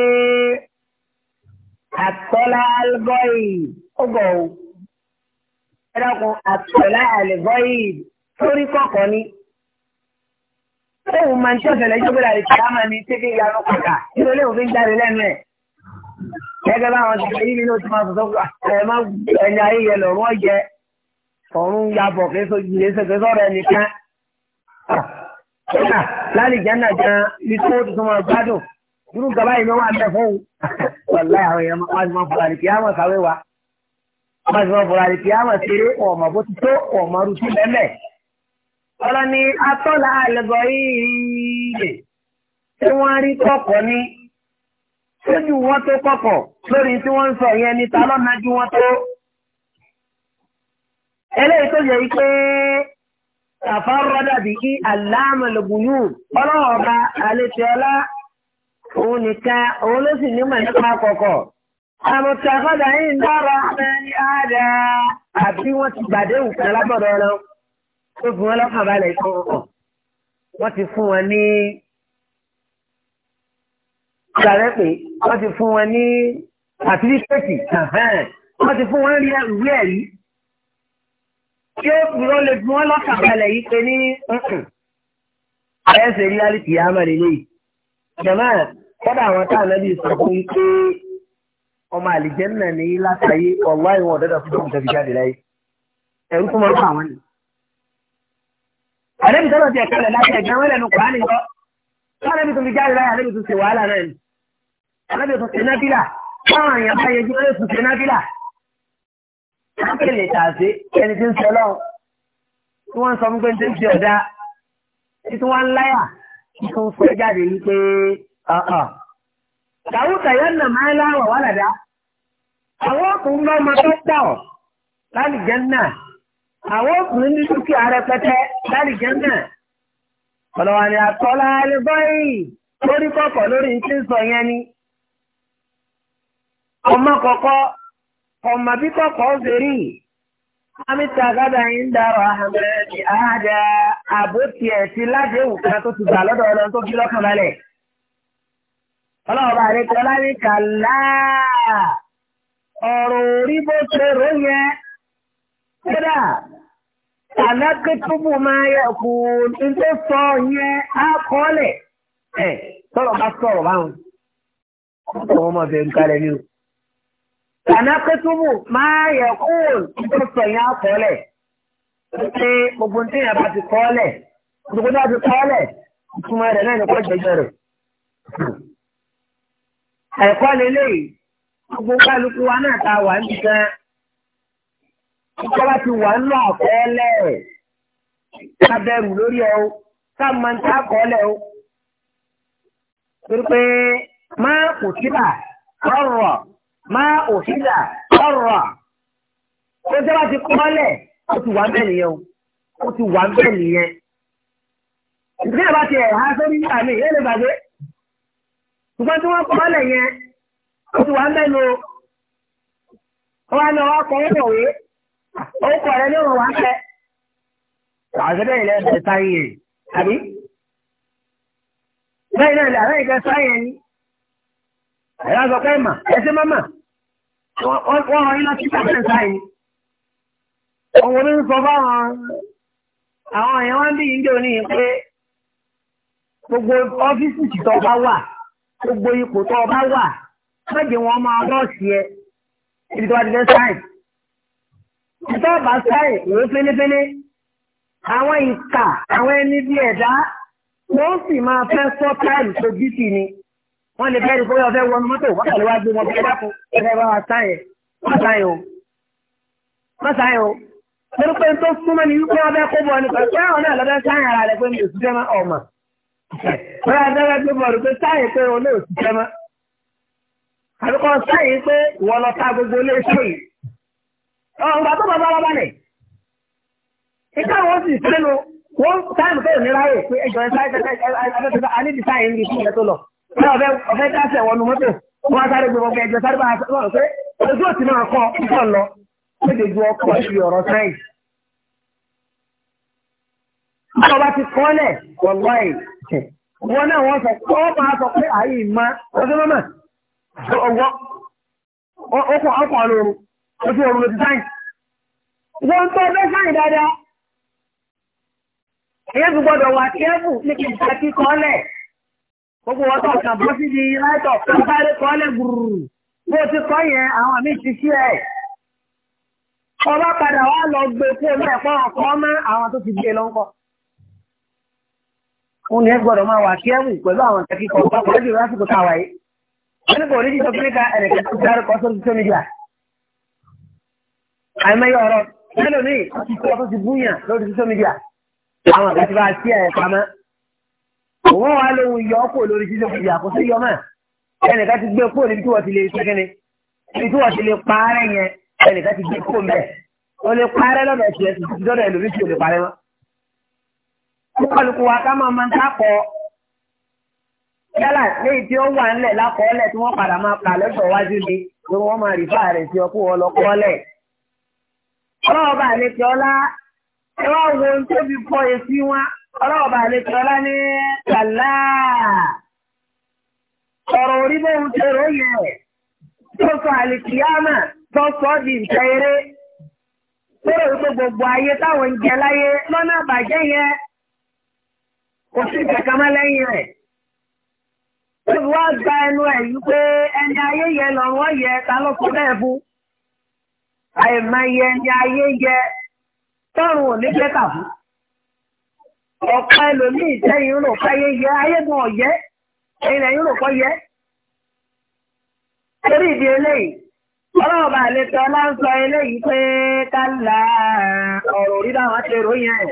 àtọ́lá algọ́ì ó gọ̀ ọ́. Ẹ dákun àtọ́lá algọ́ì sórí kọ̀ọ̀kan ni. Ẹ̀wù máa ń tí ọ̀sẹ̀lẹ̀ jẹ́ gbọ́dọ̀ àìsàn á máa ní tẹ́kẹ̀ ìyanu kọ̀ọ̀kà nínú ilé òfin jáde lẹ́nu ẹ̀. Gẹ́gẹ́ báwọn ti fẹ́ yí nínú ti máa sọ̀tọ̀ ẹ̀yà ayé yẹ lọ́rùn ọ̀jẹ́ ọ̀run yabọ̀ kí so jìlẹ̀ sẹ́kẹ̀ sọ̀rọ̀ ẹnìkan. Kódà láti jẹ́nà gan ní tó tó máa gbádùn. Irú gaba yìí ló wà ń bẹ̀ fún un. Wàlá àwọn èèyàn máa ti máa fura ní kíámọ̀ sáwé wa. Máa ti máa fura ní kíámọ̀ ṣeré ọ̀mọ̀ bó ti tó ọ̀mọ̀ rúti lẹ́lẹ̀. Ọ̀rọ̀ ni atọ́lá àlẹ́gọ̀ yìí ṣé wọ́n rí kọ̀kọ̀ ni. Ṣé ju wọ́n tó kọ̀kọ̀ lórí tí wọ́n ń sọ yẹn ni ta lọ́nà ju wọ́n tó eléyìí tó yẹ pé àfárọ́dà bíi aláàmọ̀lẹ́gbùnú ọlọ́run ọba àlejòọlá òun nìkan òun ló sì nímọ̀ nípa kọ̀kọ̀. àmọ̀tàkọ́dà yìí ń dára ní àdá àbí wọ́n ti gbàdé nǹkan lábọ̀dọ̀ lọ tó fi wọ́n lọ́kàn balẹ̀ fún ọkọ̀. wọ́n ti fún wọn ní ìgbàrẹ́ pé wọ́n ti fún wọn ní àfíríkẹ́tì wọ́n ti fún wọn ní ìwé ẹ̀rí yóò gbúrọ́ lè gbọ́n lọ́kàbalẹ̀ yìí pé ní ẹ̀ẹ́sẹ̀ rí alìkì yàmà lélẹ̀ yìí. jẹ̀mọ́ kọ́dà àwọn tá ànábì sọ fún yìí pé ọmọ àlìjẹ́nà ní látàyé ọ̀wá ìwọ̀n ọ̀dọ́dọ̀ fún ọmọ tẹ̀bí jáde láyé. ẹ̀rú tó máa ń fà wọ́n ni. ànábì sọ́dọ̀ ti ẹ̀ka lẹ̀ ẹ̀gbẹ́ wọn lẹ́nu kùránì lọ. ànábì tó fi jáde láyé ànábì tó ṣe wàhálà náà ni. ànábì tó ṣe nábìlà kí lè tà sí ẹni tí ń sọ lọ́wọ́ tí wọ́n ń sọ wípé tí ń fi ọ̀dà títí wọ́n ń láyà tí tó ń sọ jáde wípé ọ̀ọ̀. Dàwú Kàyọ́nà máa ń láwọ̀ wá dàda. Àwọn ọkùnrin náà máa tó gbà ọ̀ láti jẹ́ náà. Àwọn ọkùnrin ní dúkìá rẹpẹtẹ láti jẹ́ náà. Ọ̀lọ́wà ni àtọ́lá ẹni báyìí lórí kọ̀kọ̀ lórí tí sọ yẹn ni. Ọmọ kọ̀kọ́ ọmọ bí kọ̀kọ́ fèrè amíta gádà yín dárọ̀ ahàmẹ́rẹ́dì àádá àbótì eti ti ládéhùn kan tó ti gbà lọ́dọ̀ ọlọ́run tó fi lọ́kàn balẹ̀. ọlọ́ọ̀bà rẹ̀ kọ́ láyé kàlá ọ̀rọ̀ orí bó ṣe rò yẹn kódà alákẹ́tùbù máa tànákẹ́tùmù máa yẹ kóòl tó sọ̀yìn àkọọ́lẹ̀ pé gbogbo ní ìyẹn bá ti kọ́ọ́lẹ̀ gbogbo ní àti kọ́ọ́lẹ̀ ìtumọ̀ rẹ̀ náà ní kọ́ jẹjẹ rẹ̀. ẹ̀kọ́ lélẹ́yìí gbogbo kálukú wa náà ta wà níbi gan. ìjọba ti wà nínú àkọọ́lẹ̀ ká bẹ̀rù lórí ẹ o ká máa ń ta àkọọ́lẹ̀ o. torí pé máa kò síbà rọrùn máa òfìlà ọ̀rọ̀ tó jẹ́ bá ti kọ́lẹ̀ ó ti wà ń bẹ̀ nìyẹn o ó ti wà ń bẹ̀ nìyẹn. ìdílé bá ti ẹ̀há sórí nígbà míì yóò lè gbàgbé ṣùgbọ́n tí wọ́n kọ́lẹ̀ yẹn ó ti wà ń bẹ̀ o wọ́n á ní ọwọ́ kọ́ ń kọ̀wé orúkọ rẹ ní òun wà ń bẹ̀. àgbẹ̀dẹ̀ ilẹ̀ ẹ̀ sáyé yẹn àbí bẹ́ẹ̀ náà làárẹ̀ ìgbẹ́ sáyé yẹn ni ẹ̀rọ sọ pé mà ẹ̀sìn má mà. wọ́n rán iná títà àwọn bí ìjọ ní gbogbo ọ́fíìsì títọ́ bá wà gbogbo ipò tó bá wà mẹ́jẹ̀ wọn máa rọ́ọ̀sì ẹ ibi tó wá ti fẹ́ títọ́ bá sáyé ìwé fẹ́lẹ́fẹ́lẹ́ àwọn ìkà àwọn ẹni bí ẹ̀dá wọ́n sì máa fẹ́ ni. wọ́n lè bẹ́ẹ̀rù bóyá ọ̀fẹ́ wọnú mọ́tò wọ́n kàlẹ́ wá gbé wọn bí ẹ̀dáko ẹ̀fẹ́ bá wa sáyẹ̀ wọ́n sáyẹ̀ o wọ́n sáyẹ̀ o torí pé tó súnmọ́ ni wípé wọ́n bẹ́ kó bọ̀ ní pàṣẹ àwọn náà lọ́dọ̀ sáyẹ̀ ara rẹ̀ pé mi ò ṣiṣẹ́ mọ́ ọ̀mà wọ́n yà dẹ́rẹ́ gbé bọ̀rù pé sáyẹ̀ pé o náà ṣiṣẹ́ mọ́ àbíkọ́ sáyẹ̀ pé ìwọ lọ ta gbogbo ilé iṣẹ́ yìí ọ̀gbà tó bàbá wa balẹ̀ ìka wọn sì sẹ́nu wọ́n táìmù tó ní ráyè pé ẹjọ́ ẹ ní ọ̀fẹ́ ọ̀fẹ́ dáṣẹ̀ wọnú mọ́tò wọ́n á sáré gbogbo ẹjọ́ sáré bá aṣọ pé ojú òtí púpọ̀ lọ ju ọba ti kọ́lẹ̀ wọ̀lọ́ ẹ̀. náà wọ́n sọ pé ó máa sọ pé àyè ìmá mọ́mọ́ ọwọ́ ọkọ̀ ọkọ̀ lóru ojú Wọ́n tó dáadáa. gbọ́dọ̀ gbogbo wọn tó kàn bọ́ sí di láìtọ̀ tó sáré kọ́lé gbùrù bó ti kọ́ yẹn àwọn míì ti sí ẹ̀. ọba padà wá lọ gbé kó o lẹ́ẹ̀pọ̀ ọkọ̀ mọ́ àwọn tó ti gbé lọ́ńkọ́. òun ni ẹ gbọ́dọ̀ máa wà kí ẹ̀wù pẹ̀lú àwọn kẹ́kíkọ̀ ọba pẹ̀lú ìlú lásìkò táwa yìí. wọ́n ní kò ní jíjọ pé ká ẹ̀rẹ̀kẹ́ tó sáré kọ́ sórí tó níjà. àìmọye ọ̀rọ̀ mélòó ní ìkọ́ tó ti búyàn òun wà lóhun yọ ọ́ kò lórí jíjọ ìyà àkóso yọ mọ́ ẹnìkan ti gbé kúrò níbi tí wọ́n ti lè ṣe kíni níbi tí wọ́n ti lè parẹ́ yẹn ẹnìkan ti gbé kúrò mẹ́ o lè parẹ́ lọ́dọ̀ tiẹ̀ ti ti dọ́dọ̀ ẹlòmí tí o lè parẹ́ wọn. kọ́lùkù wa ká máa máa ń dákọ̀ yálà léyìí tí ó wà ńlẹ̀ lákọ̀ọ́lẹ̀ tí wọ́n padà máa kà lọ́sọ̀ wájú ni pé wọ́n máa rí fáàrẹ̀ sí ọkú ọlọ́kọ́ọ́lẹ̀. ọlọ́ọ̀bà ni kí ọlá ẹ wá wo ohun tó fi kọ́ etí wọn ọlọ́ọ̀bà àlejò ọlá ní kàlá ọ̀rọ̀ orí bóun ṣe róye di nǹkan gbogbo ayé táwọn ń jẹ láyé lọ́nà àbàjẹ́ yẹn kò sí kankan lẹ́yìn rẹ̀. Ebi wá gba ẹnu ẹ̀ yí pé ẹni ayé yẹ lọ́wọ́ yẹ ta ló bẹ́ẹ̀ ẹni ayé yẹ ọ̀pá ẹlòmíì tẹ́yìn rò káyé yẹ ayégun ọ̀yẹ́ ẹ̀yìn ẹ̀yìn yẹ. torí ìdí eléyìí ọlọ́run bá lè eléyìí pé ká la ọ̀rọ̀ orí báwọn ti rò yẹn.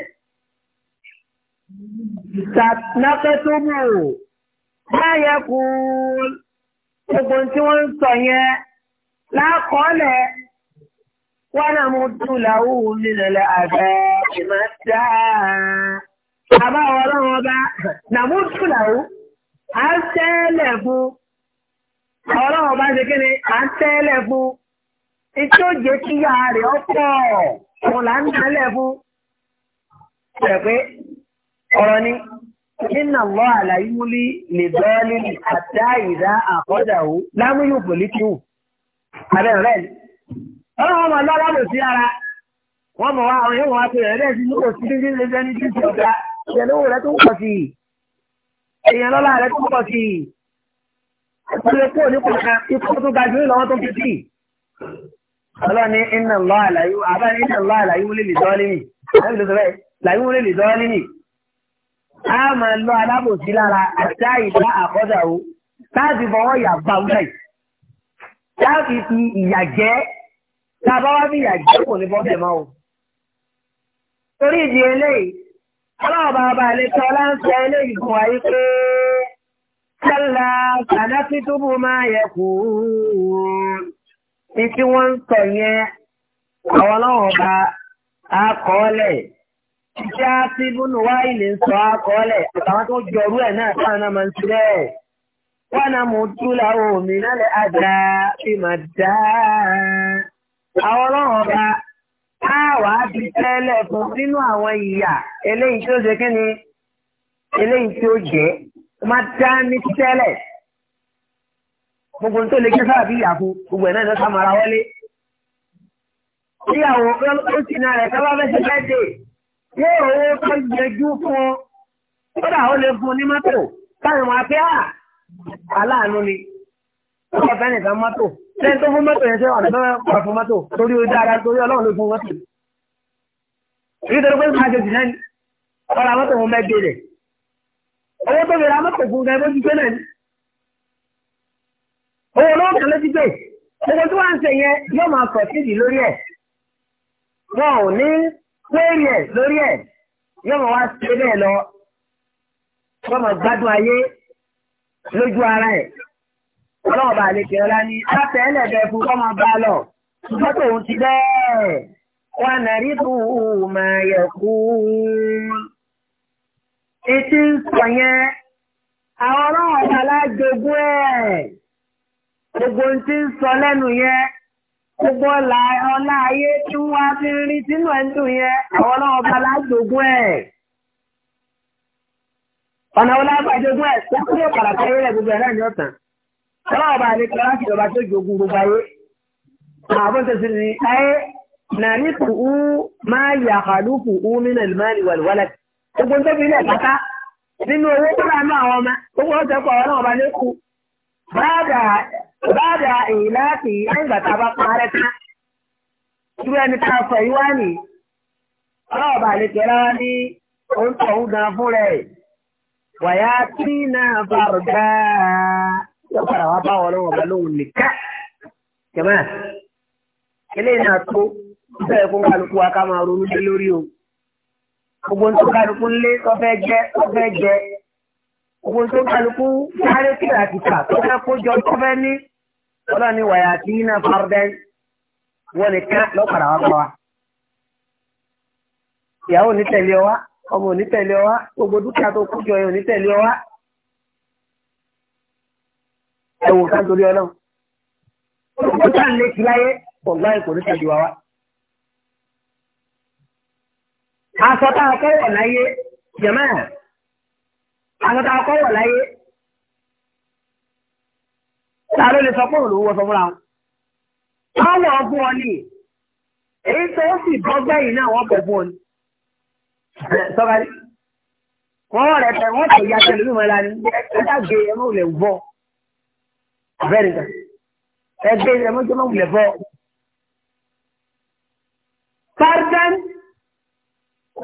sàtúnápẹ́tùmù máa yẹ kú gbogbo tí wọ́n ń sọ yẹn lákọọ́lẹ̀ wọ́n náà mú dùn làwọn òun nílẹ̀ àgbẹ̀ ìmọ̀ dáa. àbá ọlọ́run ọba nàmúdùláwó à ń tẹ́lẹ̀ fún ọlọ́run ọba ṣe kíni à ń tẹ́lẹ̀ fún iṣẹ́ òjò kíyà rẹ̀ ọ̀pọ̀ òun là ń tẹ́lẹ̀ fún. pé ọ̀rọ̀ ni inna Allah múlí lè ìdá àkọ́jàwó rẹ̀ ọlọ́run ọba sí ara wọ́n mọ̀ wá àwọn yóò wá pé ẹ̀rẹ́ ní kò sí ní ìyẹ̀lówó rẹ̀ tó ń pọ̀ sí i èèyàn lọ́la rẹ̀ tó ń pọ̀ sí i ìpínlẹ̀ kúrò ní kòkà ikú tó ga jù lọ́wọ́ tó fi sí i. ọlọ́ni iná lọ́ àlàyé àbá ní iná lọ́ àlàyé wọlé lè dọ́ọ́lé nì àbí ló sọ bẹ́ẹ̀ wọlé lè dọ́ọ́lé nì. a máa lọ alábòsí lára àti àìdá àkọ́dà o láti fọwọ́ yà bá wúlẹ̀ láti fi ìyà jẹ́ tá fi ìyà jẹ́ kò ní bọ́ tẹ̀ mọ́ o. torí ìdí eléyìí ọlọ́ọ̀bá ọba àlejò ọláńsọ eléyìí fún wa yí pé kálá sàdáfí túbú máa yẹ kú ní tí wọ́n ń sọ yẹn àwọn ọlọ́ọ̀bá akọọ́lẹ̀ iṣẹ́ àti búnú wáyé lè sọ akọọ́lẹ̀ àtàwọn tó jọrú ẹ̀ náà táwọn náà máa ń ti rẹ̀ wọ́n náà mú túlà omi náà lè àjà fi máa dáa àwọn ọlọ́ọ̀bá káàwá bí tẹ́lẹ̀ fún nínú àwọn ìyà eléyìí tó ṣe kíni eléyìí tí ó jẹ́ ó máa dá ní tẹ́lẹ̀ gbogbo tó lè jẹ́ sáà bí ìyà fún gbogbo ẹ̀ náà ló sàmàrà wọlé. ìyàwó ó sì náà rẹ̀ sábà fẹ́ ṣe bẹ́ẹ̀dẹ̀ yóò owó tó yẹjú fún kódà ó lè fún ní mọ́tò táwọn máa fẹ́ à ni ó lọ fẹ́ nìkan mọ́tò. Ṣé tó fún mọ́tò yẹn ṣe ọ̀nà náà pọ̀ fún mọ́tò torí ó dára torí ọlọ́run ló fún mọ́tò. ni, ọ̀rọ̀ mọ́tò wọn mẹ́gbẹ́ rẹ̀. Owó tó bèèrè amọ́tò fún ni. Owó olówó kan ló ti gbé. Gbogbo tí wọ́n ń ṣe yẹn yóò máa kọ̀ sídìí lórí ẹ̀. Wọn ò ní péèrè ẹ̀ lórí ọlọ́ọ̀bà àlejò ọlá ni látẹ̀ ẹlẹ́dẹ̀ fún kọ́mọ bá lọ ṣùgbọ́n ti bẹ́ẹ̀ wà nàrí bù yẹn àwọn ọlọ́ọ̀bà ẹ̀ gbogbo tí ń sọ lẹ́nu yẹn gbogbo ọlá ayé tí wọ́n fi ń rí sínú ẹ̀ńdùn yẹn àwọn ọlọ́ọ̀bà ẹ̀ ọ̀nà ọlọ́ọ̀bà ẹ̀ sọ́kúrò rẹ̀ ní ọ̀tàn. ọlọ́ọ̀bà ní kíláàsì ìjọba tó jogun gbogbo ayé àbọ̀n tó sì ní ayé nàní fùú máa yà kàlú fùú nínú ìlúmọ́ni wàlúwàlẹ̀ gbogbo tó fi ilẹ̀ pátá nínú owó tó bá mú àwọn ọmọ gbogbo ọ̀sẹ̀ pọ̀ ọlọ́ọ̀bà ní kú báàdà èyí láti ẹ̀yìngbà tá a bá parẹ́ tán irú ẹni tá a yí wá nì ọlọ́ọ̀bà lè tẹ̀lé wá ní oúnjẹ òun gan fún rẹ̀ wàyà tí náà bá rọ̀ yóò padà wá bá wọn lọ́wọ́ ọba lóhùn nìkan jẹ̀mọ́ eléyìí náà tó bẹ́ẹ̀ kó kálukú wa ká máa ronú dé lórí o gbogbo tó kálukú ńlé tó fẹ́ jẹ tó fẹ́ jẹ gbogbo tó kálukú sáré kíra kíkà tó fẹ́ kójọ tó fẹ́ ní ọlọ́ni wàyà tí iná fardẹ́ wọn nìkan lọ́ padà bá wa ìyàwó onítẹ̀lé wa ọmọ onítẹ̀lé wa gbogbo dúkìá tó kójọ yẹn onítẹ̀lé wa ẹ̀wọ̀n ká torí ọlọ́run. Ó tá ń lé ti láyé ọ̀gbá ìkò ní tẹ̀lé wa wá. Aṣọ tá a kọ́wọ̀ láyé jẹ̀mọ́ aṣọ tá a kọ́wọ̀ láyé. Ta ló lè sọ pé òun wọ sọ fúnra wọn? Káwọ̀ ọgbọ́n wọn ni èyí tó sì bọ́gbẹ́ yìí náà wọ́n bọ̀ fún ọ ni. Sọ́kàlì. Wọ́n rẹ̀ tẹ̀ wọ́n tẹ̀ ya tẹ̀lé mi mọ́ra ni. Ẹ dàgbé ẹ mọ̀ lẹ̀ wọ̀ bẹ́ẹ̀ nìkan ẹgbẹ́ ẹmọ́jọ́ máa wulẹ̀ bọ́. Sárdán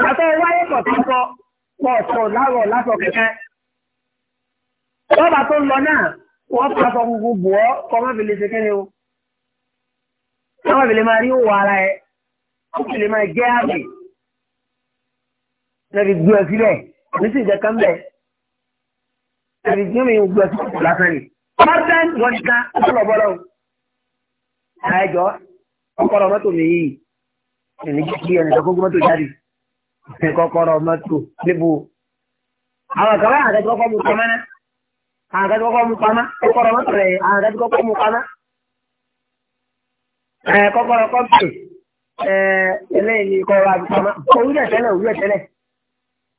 àtọ́ wáyé pọ̀tọ́pọ̀ pọ̀ sọ láwọ̀ látọ̀ kẹ̀kẹ́. Lọ́ba tó ń lọ náà, wọ́n pa aṣọ gbogbo bù ọ́ kọ́ má fìlè ṣe kẹ́ni o. Má fìlè máa rí òwò ara ẹ̀, má fìlè máa jẹ́ àbì. Lẹ́bi gbé ọ sílẹ̀, èmi sì jẹ́ kán bẹ̀. Lẹ́bi gbé mi gbé ọ sílẹ̀ lásán yìí pásẹ́ǹtì wọn nìkan ọlọ́bọ̀lọ́ àìjọ kọ́kọ́rọ́ mọ́tò mi yìí ẹni kí ẹni tó kókó mọ́tò jáde kọ́kọ́rọ́ mọ́tò níbo àwọn kan bá àgàtí kọ́kọ́ mu pamọ́ náà àgàtí kọ́kọ́ mu pamọ́ kọ́kọ́rọ́ mọ́tò rẹ̀ àgàtí kọ́kọ́ mu ni kọ́kọ́rọ́ àti pamọ́ òwúrọ̀ tẹ́lẹ̀ òwúrọ̀ tẹ́lẹ̀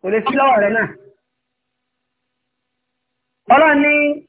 kò lè sí lọ́wọ́ ọlọ́ni.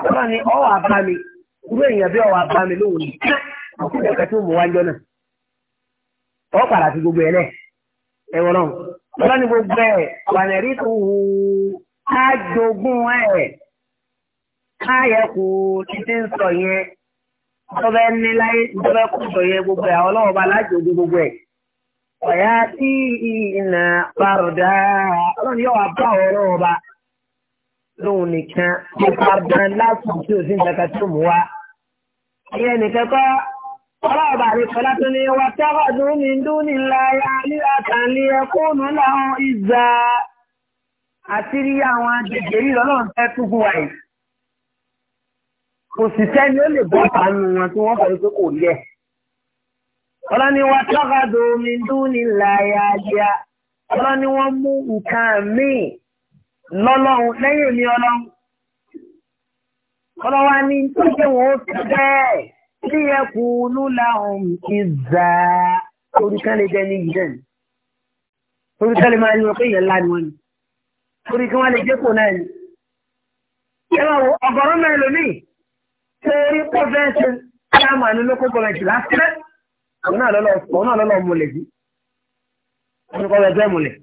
ọba ni ọwọ abá mi èèyàn bí ọwọ abá mi lóhùn ní ọ padà sí gbogbo ẹ̀ wọ́n ni gbogbo ẹ̀ wànẹ̀rí tó wù ú ká ẹ̀ títí ń sọ yẹn gbogbo ẹ̀ gbogbo ẹ̀ ọ̀yá tí parọ̀dá lóhun nìkan tí ká dán lásìkò tí òsín kankan tó mú wa. ìyẹn nìkan kọ́ ọlọ́ọ̀bà àríkọlá tó ní wa tẹ́wọ̀ dún ní dún ní láyà àtàlẹ́ ẹ̀kọ́nù láwọn ìzà àti rí àwọn àjẹjẹrí lọ́lọ́run fẹ́ túbú wa yìí. kò sì sẹ́ni ó lè bọ́ àánú wọn tí wọ́n fẹ́ pé kò yẹ. ọlọ́ni wa tẹ́wọ̀ dún ní dún ní láyà àjẹjẹrí ọlọ́ni wọ́n mú nǹkan míì lọ́lọ́run lẹ́yìn mi ọlọ́run. Ọlọ́wà ní tó ṣe wọ́n fi bẹ́ẹ̀ tí ẹ kù lúlà òun ti zà á. Oríkan lè jẹ́ ní ìdẹ́ ni. Oríkan lè máa ní wọn pé èèyàn ńlá ni wọ́n ni. Oríkan wọn lè dépò náà ni. Ìjọba wo ọ̀gọ̀rọ̀ mẹ́rin lónìí? Ṣé orí pọ̀ fẹ́ ṣe kí a lásìkò? Òun náà lọ́lọ́ mulẹ̀ sí. Òun náà lọ́lọ́ mulẹ̀.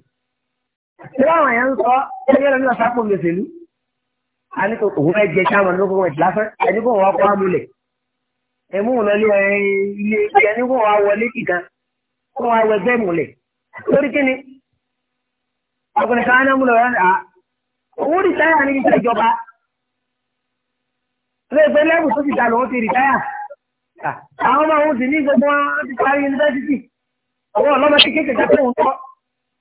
Tíráwọn yẹn ń sọ ẹgbẹ́ lọ́nà sápò mẹ́sẹ̀lú. A ní kò òun fẹ́ jẹ sáwọn ní kókó ìlàfẹ́ ẹni kò wọ́n kọ́ amúlẹ̀. Ẹmú wọn lọ ilé ìjẹ ní kò wọ́n wọlé kìkan kó wọ́n wọ ẹgbẹ́ múlẹ̀. Lórí kíni? Ọkùnrin kan náà múlò rẹ̀ náà. Ah, òun rìtáyà níbi iṣẹ́ ìjọba. Ilé ìgbẹ́ lẹ́bù tó ti dà lòun ti rìtáyà. Ah, àwọn ọmọ òun sì ní gbogbo wọn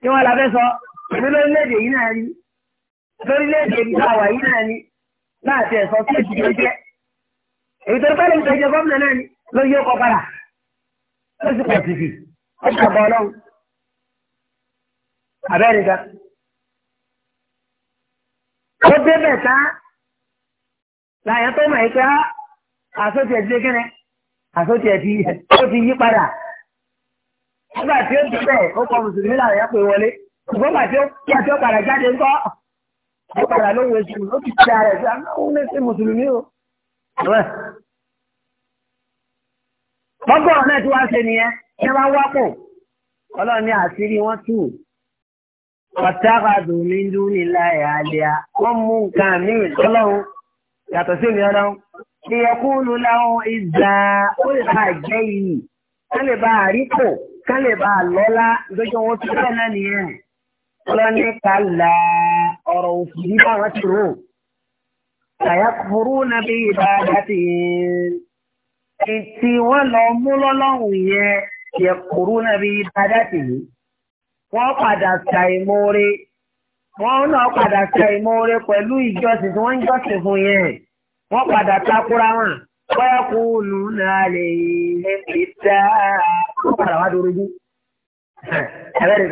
kí wọ́n labẹ́ sọ ìlú lórílẹ̀-èdè yìí náà rí lórílẹ̀-èdè ibi tá wà yìí náà ní láti ẹ̀sọ́ sí èsì tó jẹ́ èyí tó fẹ́ẹ́ lè sọ jẹ gómìnà náà ni ló yí ọkọ̀ padà ó sì pọ̀ tìfì ó sì àbọ̀ ọlọ́run abẹ́rẹ́ ga. ó débẹ̀ tá láyé tó mọ̀ ẹ́ pé àsótì ẹ̀ ti dé kẹ́nẹ́ àsótì ẹ̀ ti yí padà nígbà tí ó ti bẹ́ẹ̀ ó kọ mùsùlùmí làwọn yẹn pè wọlé ṣùgbọ́n gbà tí ó gbà tí ó padà jáde ńkọ́ ó padà ló wo ìṣòro ó ti ṣe ara ẹ̀ sí àwọn ní sí mùsùlùmí o. mọ́gbọ́n náà tí wàá ṣe nìyẹn ṣé wàá wápò ọlọ́run ní àṣírí wọn tù ọ̀tàkàdùn mi ń dún nílá ẹ̀ àlẹ́à wọ́n mú nǹkan mi ìtọ́lọ́run yàtọ̀ sí mi ọlọ́run ìyẹ̀kú lu láwọn ìgbà ó lè bá jẹ́ iyì ó lè bá àríkò kálẹ̀ bá a lọ́lá ìgbẹ́jọ́ wọn ti bẹ́ẹ̀ náà nìyẹn ọlọ́ni kàlà ọ̀rọ̀ òfin ní báwọn ti rò kàyà kúrú nàbí ìbáradá ti yẹn ètí wọn lọ mú lọ́lọ́hùn yẹn yẹ kúrú nàbí ìbáradá ti yẹn wọn padà sa ìmoore wọn náà padà sa ìmoore pẹ̀lú ìjọsìn tí wọ́n ń jọ́sìn fún yẹn wọ́n padà takura wọn wọ́n kú lùnà lè lè fi wọ́n padà wá dorogún ẹ̀rẹ́rẹ́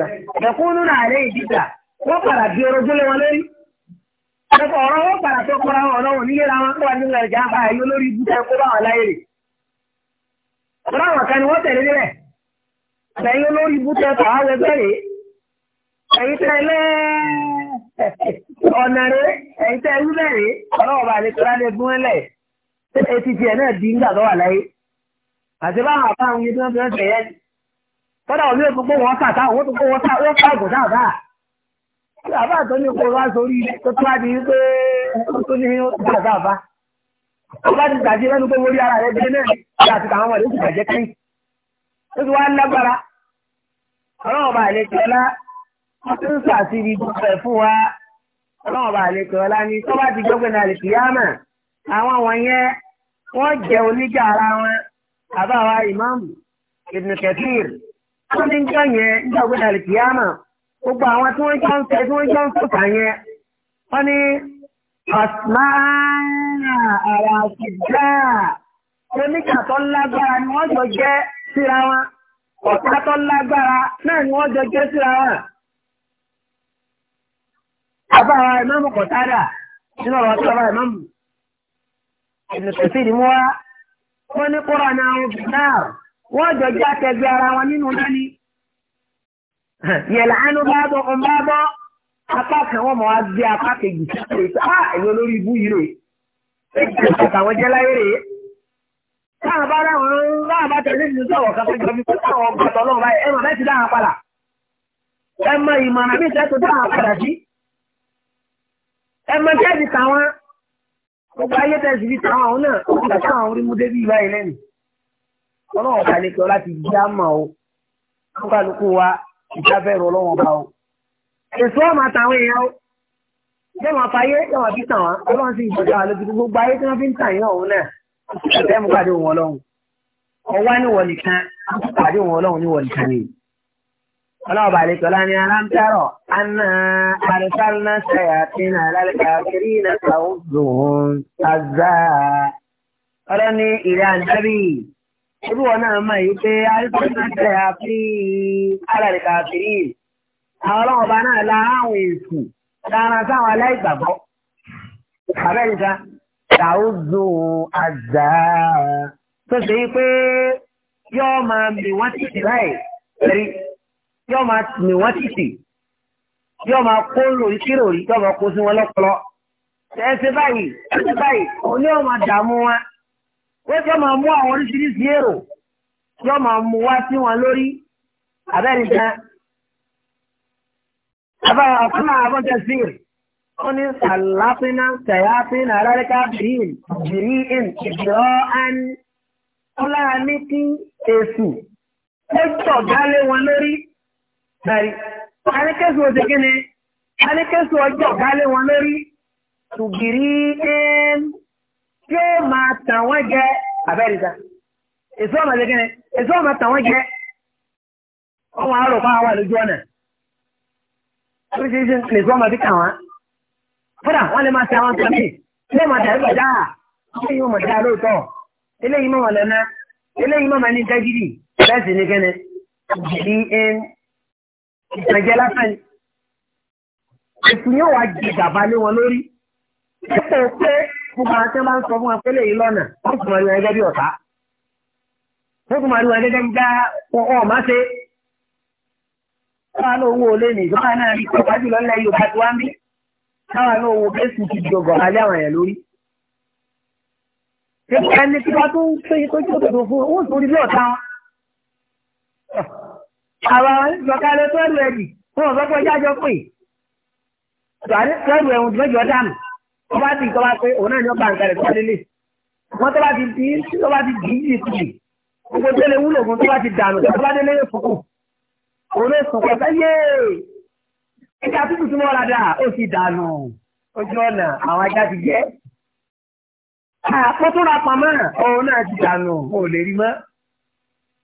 náà lẹ́yìn wọ́n padà di wọn lórí ẹ̀kọ́ ọ̀rọ̀ wọ́n padà tó kọ́ra wọn nílé ra wọn nínú ẹ̀yọ́ lórí ẹ̀kọ́ bá wọn láyé rè ọ̀rọ̀ àwọn kan ni wọ́n tẹ̀lé nílẹ̀ ẹ̀yọ́ lórí ẹ̀kọ́ àwọn ẹgbẹ́ rè ẹ̀yìn ọ̀nà rè ẹ̀yìn àti báwọn àbá àwọn ibi tó ń tẹ̀ yẹ́ kọ́dà òní òtún pé wọ́n kàtà òun tún pé wọ́n ká ògùn sáàbà àbá tó ní kó wá sórí tó tó wájú wípé tó ní ká sáàbà tó bá ti tàjí lẹ́nu pé mórí ara rẹ̀ gbé náà ní àti tàwọn ọmọdé ti bàjẹ́ kẹ́yìn ó ti wá lágbára ọlọ́run ọba àlejò ọlá tó ń sàṣìbí gbogbo fún wa ọlọ́run ọba àlejò ọlá ni tó bá ti gbọ́gbẹ́ náà lè fi yá mà àwọn wọ̀nyẹn wọ́n jẹ́ oníjà ara wọn àbáwá ìmáàmù Ibn Kathir wọ́n ti ń jọ yẹn nígbà gbọ́dọ̀ àlìkìyàmà gbogbo àwọn tí wọ́n jọ ń fẹ́ tí wọ́n jọ ń fòkà yẹn wọ́n ní ọ̀smáà àwọn àṣìjá oníkà tó lágbára ni wọ́n jọ jẹ́ síra wọn ọ̀tá tó lágbára náà ni wọ́n jọ jẹ́ síra wọn. àbáwá ìmáàmù kọ̀tádà nínú ọ̀rọ̀ tó àbáwá ìmáàmù Ibn Kathir ni wọ́n wọ́n ní kóra náà wọn fi náà wọ́n jọ jẹ́ àtẹ̀gbẹ́ ara wọn nínú dání. yẹ̀lá ẹnu bá bọ̀ ọ̀n bá bọ̀ apá kan wọ́n mọ̀ wá gbé apá kejì sí pé á èyí olórí ibú yìí rè àtàwọn jẹ́ láyé rè. táwọn bá dáhùn láwọn bá tẹ̀lé ìlú sọ̀rọ̀ kankan jọ mi pé táwọn ọgbà tọ́lọ́ báyìí ẹ̀ mọ̀ bẹ́ẹ̀ ti dáhùn Gbogbo ayé tẹ̀sí fi tàwọn àwọn náà, ó ti dàtí àwọn orí mú débí ìbá ilé nì. Ọlọ́run ọ̀gá lè tọ́ láti jí àmà o. Wọ́n bá lóko wa ìjábẹ̀rù ọlọ́run ọba o. Èso ọmọ àtàwọn èèyàn o. Ṣé wọn fàyè ṣé wọn fi tàn wá? Ọlọ́run sì ń jọjọ àlọ́ ti gbogbo ayé tí wọ́n fi ń tàn yín ọ̀hún náà. Ṣé ẹ̀ ọlọ́ọ̀bà àlejòlá ni aláǹtẹ̀rọ̀ anna àrísàlùnà ṣayàtìnà alálẹ́kàkiri na ṣàwùzùn àzá. ọlọ́ ní ìrẹ́ àǹtẹ́bì ṣébí wọn náà mọ̀ yìí pé àrísàlùnà ṣayàtì alálẹ́kàkiri. àwọn ọlọ́ọ̀bà náà la àwọn èsù dára sáwọn aláìgbàgbọ́. àbẹ́nìta ṣàwùzùn àzá. tó ṣe yí pé yóò máa bì wọ́n ti ṣì láì yóò máa mì wọ́n títì yóò máa kó lórí sí lórí yóò máa kó sí wọn lọ́pọ̀lọ́ ẹsẹ̀ báyìí ẹsẹ̀ báyìí òun yóò máa dààmú wọn wọ́n ti máa mú àwọn oríṣiríṣi èrò yóò máa mú wá sí wọn lórí abẹ́rẹ́ gan. abáwọn ọ̀kan náà abọ́jọ́ sí rè ó ní sàlápínà sàyápínà alárẹ́ká bìín bìín ìjọ́ án ọlá ní kí èsù ó tọ̀ dálé wọn lórí. Bẹ́ẹ̀ni, àníkẹ́sù òjò kí ni? Àníkẹ́sù ọjọ́ ìdálé wọn lórí. Tùgìrí ẹn tí ó máa tàn wọ́n jẹ àbẹ́rìta. Èso ọmọ ṣe kí ni? Èso ọmọ tàn wọ́n jẹ. Ọmọ àárò fún àwọn àlejò ọ̀nà. Oríṣiríṣi ní èso ọmọ ti kà wọ́n. Fúdà wọ́n lè máa ṣe àwọn nǹkan mí. Ilé ìmọ̀ dàrú gbàdá. Ilé ìmọ̀ mọ̀ dá Ilé ìmọ̀ mọ̀ lẹ́nà. Ilé ìmọ̀ mọ̀ ní dágídì. Bẹ́ẹ̀ sì ni kí ni? Tùgìrí ẹn ìtànjẹ lásán ni èsì yóò wá di gàba lé wọn lórí dípò pé gbogbo àwọn tí wọn bá ń sọ fún wọn pé lèyí lọ́nà wọn sì máa rí wọn gẹ́gẹ́ bí ọ̀tá wọn sì máa rí wọn gẹ́gẹ́ bí dá wọn ọ̀ má ṣe káwọn owó olè ní ìjọba náà rí ìjọba jùlọ ńlẹ̀ Yorùbá tí wọn ń bí káwọn owó kéésì ti dògò alẹ́ àwọn yẹn lórí. ẹni tí wọn tó ń pè é òdòdó fún wọn ó sọ orí bí ọ̀tá wọn àwọn ìgbọ̀kalẹ̀ tó rẹ̀ dì fún ọ̀sọ́pọ̀ jájọ pé tọ́lù ẹ̀hún tí mẹ́jọ dànù wọ́n bá ti tọ́ba pé òun náà ni wọ́n bá nǹkan rẹ̀ tọ́lé lè wọ́n tọ́ba ti di tọ́ba ti dì í jì kùlì gbogbo tó lè wúlò fún tọ́ba ti dànù tọ́ba délé yóò fòkù òun ló sùn pẹ̀lú yé ẹja tútù tí wọ́n ra dà ó sì dànù ojú ọ̀nà àwọn ajá ti jẹ́ àpótó pamọ́ òun náà ti dànù òun lè rí mọ́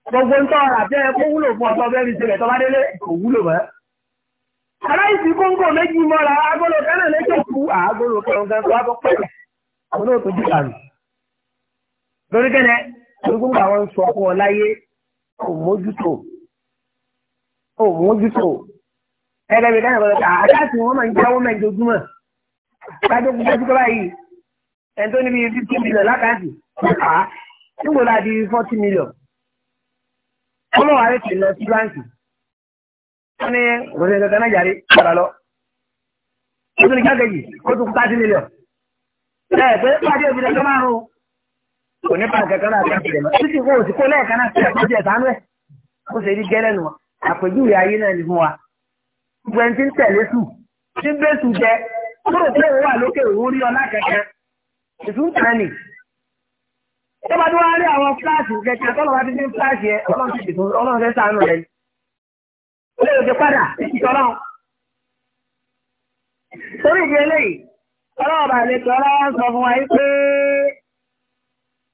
gbogbo ń tọ́ra àti ẹ̀kọ́ wúlò fún ọ̀tọ́ bẹ́ẹ̀rì ṣẹlẹ̀ tọ́ bá délé kò wúlò mọ́. aláìsí kóńgò méjì mọ́ra agolo kánà lẹ́jọ́ kú àgolo kẹrùnkẹrùn tó wá bọ́ pẹ̀lú àwọn náà tó dì kànú. lórí kẹ́nẹ́ gbogbo àwọn ń sọ fún ọ láyé kò mójútó kò mójútó ẹgbẹ́ mi kánà lọ́dọ̀ àkáàtì wọn máa ń jẹ́ wọn máa ń jojúmọ̀ kájọ kú dájú kọ́lá yìí ẹni tó níbi fifty million lákàtì nígbò láti forty million ọlọ́wọ́ àrẹ ti lọ sí báńkì wọ́n ní òṣèlú ìjọba náà yàrí padà lọ ó tún ní kákejì ó tún káàdì mílíọ̀n ẹ pé pàdé òbí lẹ́jọ́ márùn-ún kò ní pàǹkẹ́ kan náà káàkiri mọ́ títí kó o sì kó lẹ́ẹ̀kan náà sí ẹ̀kọ́jú ẹ̀sánú ẹ̀ ó ṣe rí gẹ́lẹ́ nu àpèjúwe ayé náà ni fún wa gbogbo ẹni tí ń tẹ̀lé sùn tí ń gbé sùn jẹ kúrò pé òun wà lókè òun rí ọlá kẹ̀kẹ́ ìsúntàn nìyí. Tó bá tó wá rí àwọn fúláàsì kẹ̀kẹ́ àtọ́lọ́ bá ti ní fúláàsì ẹ ọlọ́run ti dìbò ọlọ́run fẹ́ sànù rẹ̀. Ó lè lòdì padà ìtọ́lọ́run. Torí ìdí eléyìí, ọlọ́run bá lè tọ́ ọlọ́run sọ fún wa yí pé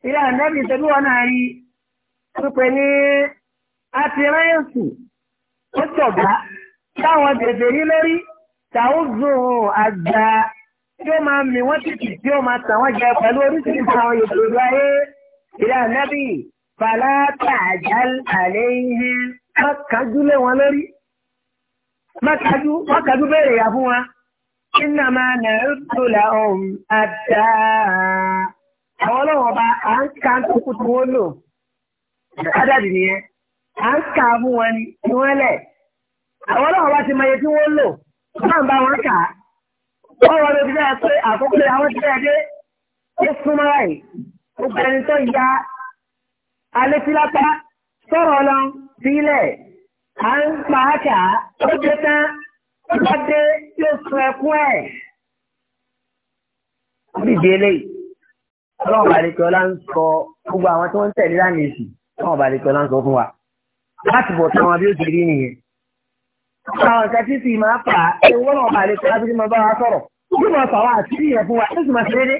ilé ànẹ́bí ṣe bí wọ́n náà rí pípé ní àtìrẹ́yìnsì ó jọ̀gá táwọn tètè rí lórí tàó zùn àgbà tí ó máa mì wọ́n títì tí ó máa tàn wọ́n jẹ pẹ̀lú oríṣiríṣi àwọn ètò ìlú ayé ìlà nẹ́bí fàlàtà àjálàlẹ́ ihe mọ́kájú lé wọn lórí mọ́kájú mọ́kájú bèrè yà fún wa iná máa nà ń tòlà ọ̀hún àdá àwọn ọlọ́wọ́n bá à ń ka kókó tí wọ́n lò ádàbí nìyẹn à ń ka fún wọn ni wọ́n lẹ̀ àwọn ọlọ́wọ́n bá ti mọ iye tí wọ́n lò máa ń bá wọn kà á wọ́n wọlé bí dáa pé àkókò àwọn tí wọ́n dé ó súnmọ́ báyìí gbogbo ẹni tó ya alẹ́ sí lápá sọ̀rọ̀ lọ sílẹ̀ à ń pa ákà ó dé tán ó dé yóò sun ẹkún ẹ̀. Bíbi eléyìí, ọlọ́run Bàdékọ́lá ń sọ gbogbo àwọn tí wọ́n ń tẹ̀lé lánàá èsì, ọlọ́run Bàdékọ́lá ń sọ fún wa. Láti bọ̀ táwọn bí ó ti rí nìyẹn. Àwọn nǹkan tí sì máa fà á, ewu ọlọ́run Bàdékọ́lá tó ti máa bá wa sọ̀rọ̀. Ó sì fà wá àtúnyẹ̀ fún wa, ó sì máa ṣe déédéé.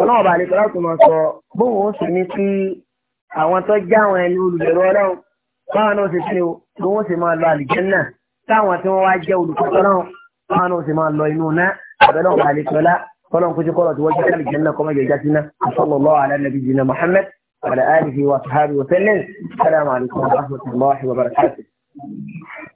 ọlọ́run ọba àlejò láti mọ̀ sọ bóun ó sì ní kí àwọn tó já àwọn ẹni olùbẹ̀rù ọlọ́run báwọn náà ṣe ṣe bí wọ́n ṣe máa lọ àlìjẹ́nà táwọn tí wọ́n wá jẹ́ olùkọ́tọ́ náà báwọn náà ṣe máa lọ inú náà àbẹ̀lẹ̀ ọba àlejò ọlá kọ́lọ́n kó ṣe kọ́lọ́ tí wọ́n jẹ́ àlìjẹ́nà náà sallallahu ala nabiyyina Muhammad wa